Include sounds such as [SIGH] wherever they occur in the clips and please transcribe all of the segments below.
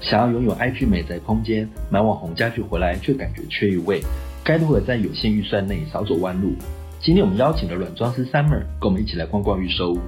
想要擁有 IG 美在空間，買網紅家具回來，卻感覺缺一味，該如何在有限預算內少走彎路？今天我們邀請了軟裝師 Summer，跟我們一起來逛逛預售屋。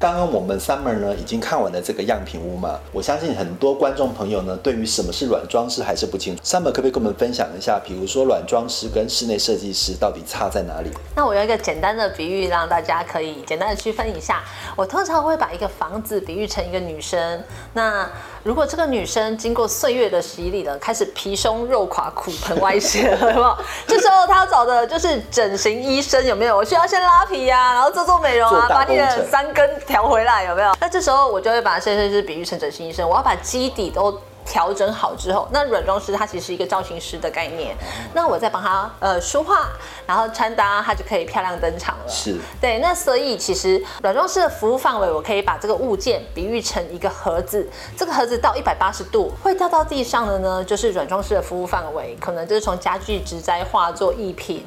剛剛我們 Summer 呢已經看完了這個樣品屋嘛，我相信很多觀眾朋友呢對於什麼是軟裝師還是不清楚。Summer 可不可以跟我們分享一下，比如說軟裝師跟室內設計師到底差在哪裡？那我用一個簡單的比喻，讓大家可以簡單的區分一下。我通常會把一個房子比喻成一個女生，那如果這個女生經過歲月的洗禮了，開始皮鬆肉垮苦外、骨盆歪斜了，好不好？這時候她要找的就是整形醫生，有沒有？我需要先拉皮啊，然後做做美容啊，把你的三根。調回來有沒有？那這時候我就會把設計師比喻成整、整形醫生，我要把基底都調整好之後，那軟裝師他其實是一個造型師的概念，那我再幫他呃梳化，然後穿搭，他就可以漂亮登場了。是對。那所以其實軟裝師的服務範圍，我可以把這個物件比喻成一個盒子，這個盒子到一百八十度會掉到地上的呢，就是軟裝師的服務範圍，可能就是從家具、植栽、畫作、藝品。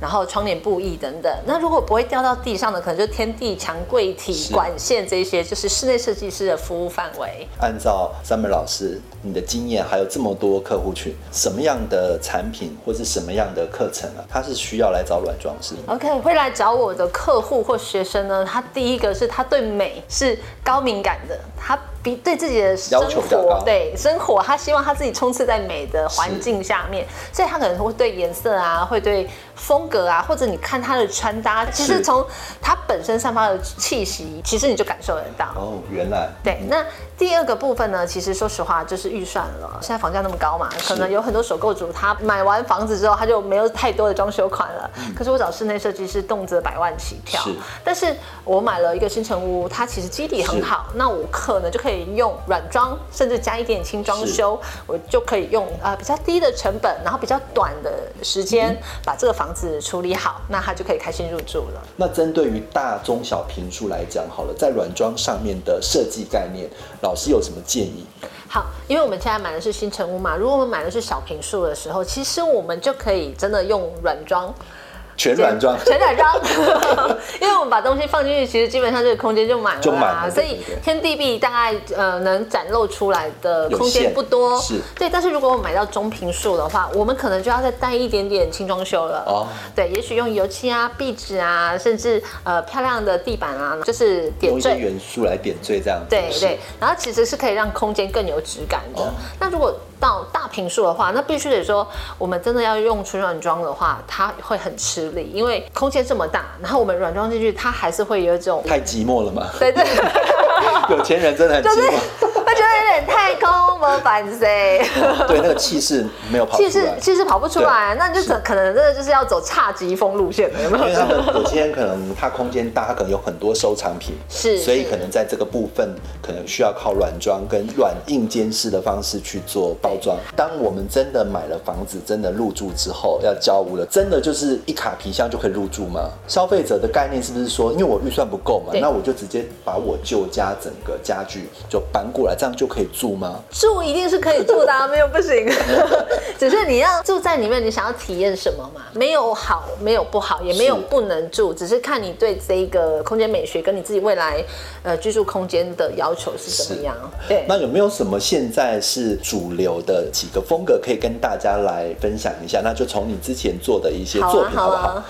然後窗簾布藝等等，那如果不會掉到地上的，可能就天地牆櫃體，是管線這些，就是室內設計師的服務範圍。按照 Summer 老師你的經驗，還有這麼多客戶群，什麼樣的產品或是什麼樣的課程啊，他是需要來找軟裝師？OK，會來找我的客戶或學生呢？他第一個是他對美是高敏感的，他，比對自己的生活，對生活，他希望他自己充斥在美的環境下面，是所以他可能會對顏色啊，會對風格啊，或者你看他的穿搭，是其實從他本身散發的氣息，其實你就感受得到。哦，原來對。那第二個部分呢，其實說實話就是預算了。現在房價那麼高嘛，是可能有很多首購族，他買完房子之後他就沒有太多的裝修款了。嗯、可是我找室內設計師動輒百萬起跳，是但是我買了一個新成屋，它其實基底很好，是那我可能就可以。用軟裝，甚至加一點點輕裝修，是我就可以用啊、呃、比較低的成本，然後比較短的時間把這個房子處理好，嗯、那他就可以開心入住了。那針對於大、中小坪數來講好了，在軟裝上面的設計概念，老師有什麼建議？好，因為我們現在買的是新成屋嘛，如果我們買的是小坪數的時候，其實我們就可以真的用軟裝。全軟裝，全軟裝，因為我們把東西放進去，其實基本上這個空間就滿了，嘛。所以天地壁大概呃能展露出來的空間不多，是對。但是如果我們買到中坪數的話，我們可能就要再帶一點點輕裝修了。哦，對，也許用油漆啊、壁紙啊，甚至呃漂亮的地板啊，就是點綴元素來點綴這樣子。對對，然後其實是可以讓空間更有質感的。那如果到大坪數的話，那必須得說，我們真的要用純軟裝的話，它會很吃力，因為空間這麼大，然後我們軟裝進去，它還是會有一種太寂寞了嘛，對對、對， [LAUGHS] 有錢人真的很寂寞。就是這麼、嗯、對那個氣勢沒有跑出來氣勢，氣勢跑不出來，那你就可能真的就是要走差極風路線。因為他們， [LAUGHS] 我今天可能他空間大，他可能有很多收藏品，是，是，所以可能在這個部分可能需要靠軟裝跟軟硬兼施的方式去做包裝。對當我們真的買了房子，真的入住之後要交屋了，真的就是一卡皮箱就可以入住嗎？消費者的概念是不是說，因為我預算不夠嘛，對那我就直接把我舊家整個家具就搬過來，這樣就可以住嗎？住一定是可以住的啊，沒有不行。 [LAUGHS] 只是你要住在裡面，你想要體驗什麼嘛？沒有好，沒有不好，也沒有不能住，是，只是看你對這一個空間美學跟你自己未來呃居住空間的要求是怎麼樣。是對，那有沒有什麼現在是主流的幾個風格可以跟大家來分享一下？那就從你之前做的一些作品好不好？好啊，好啊。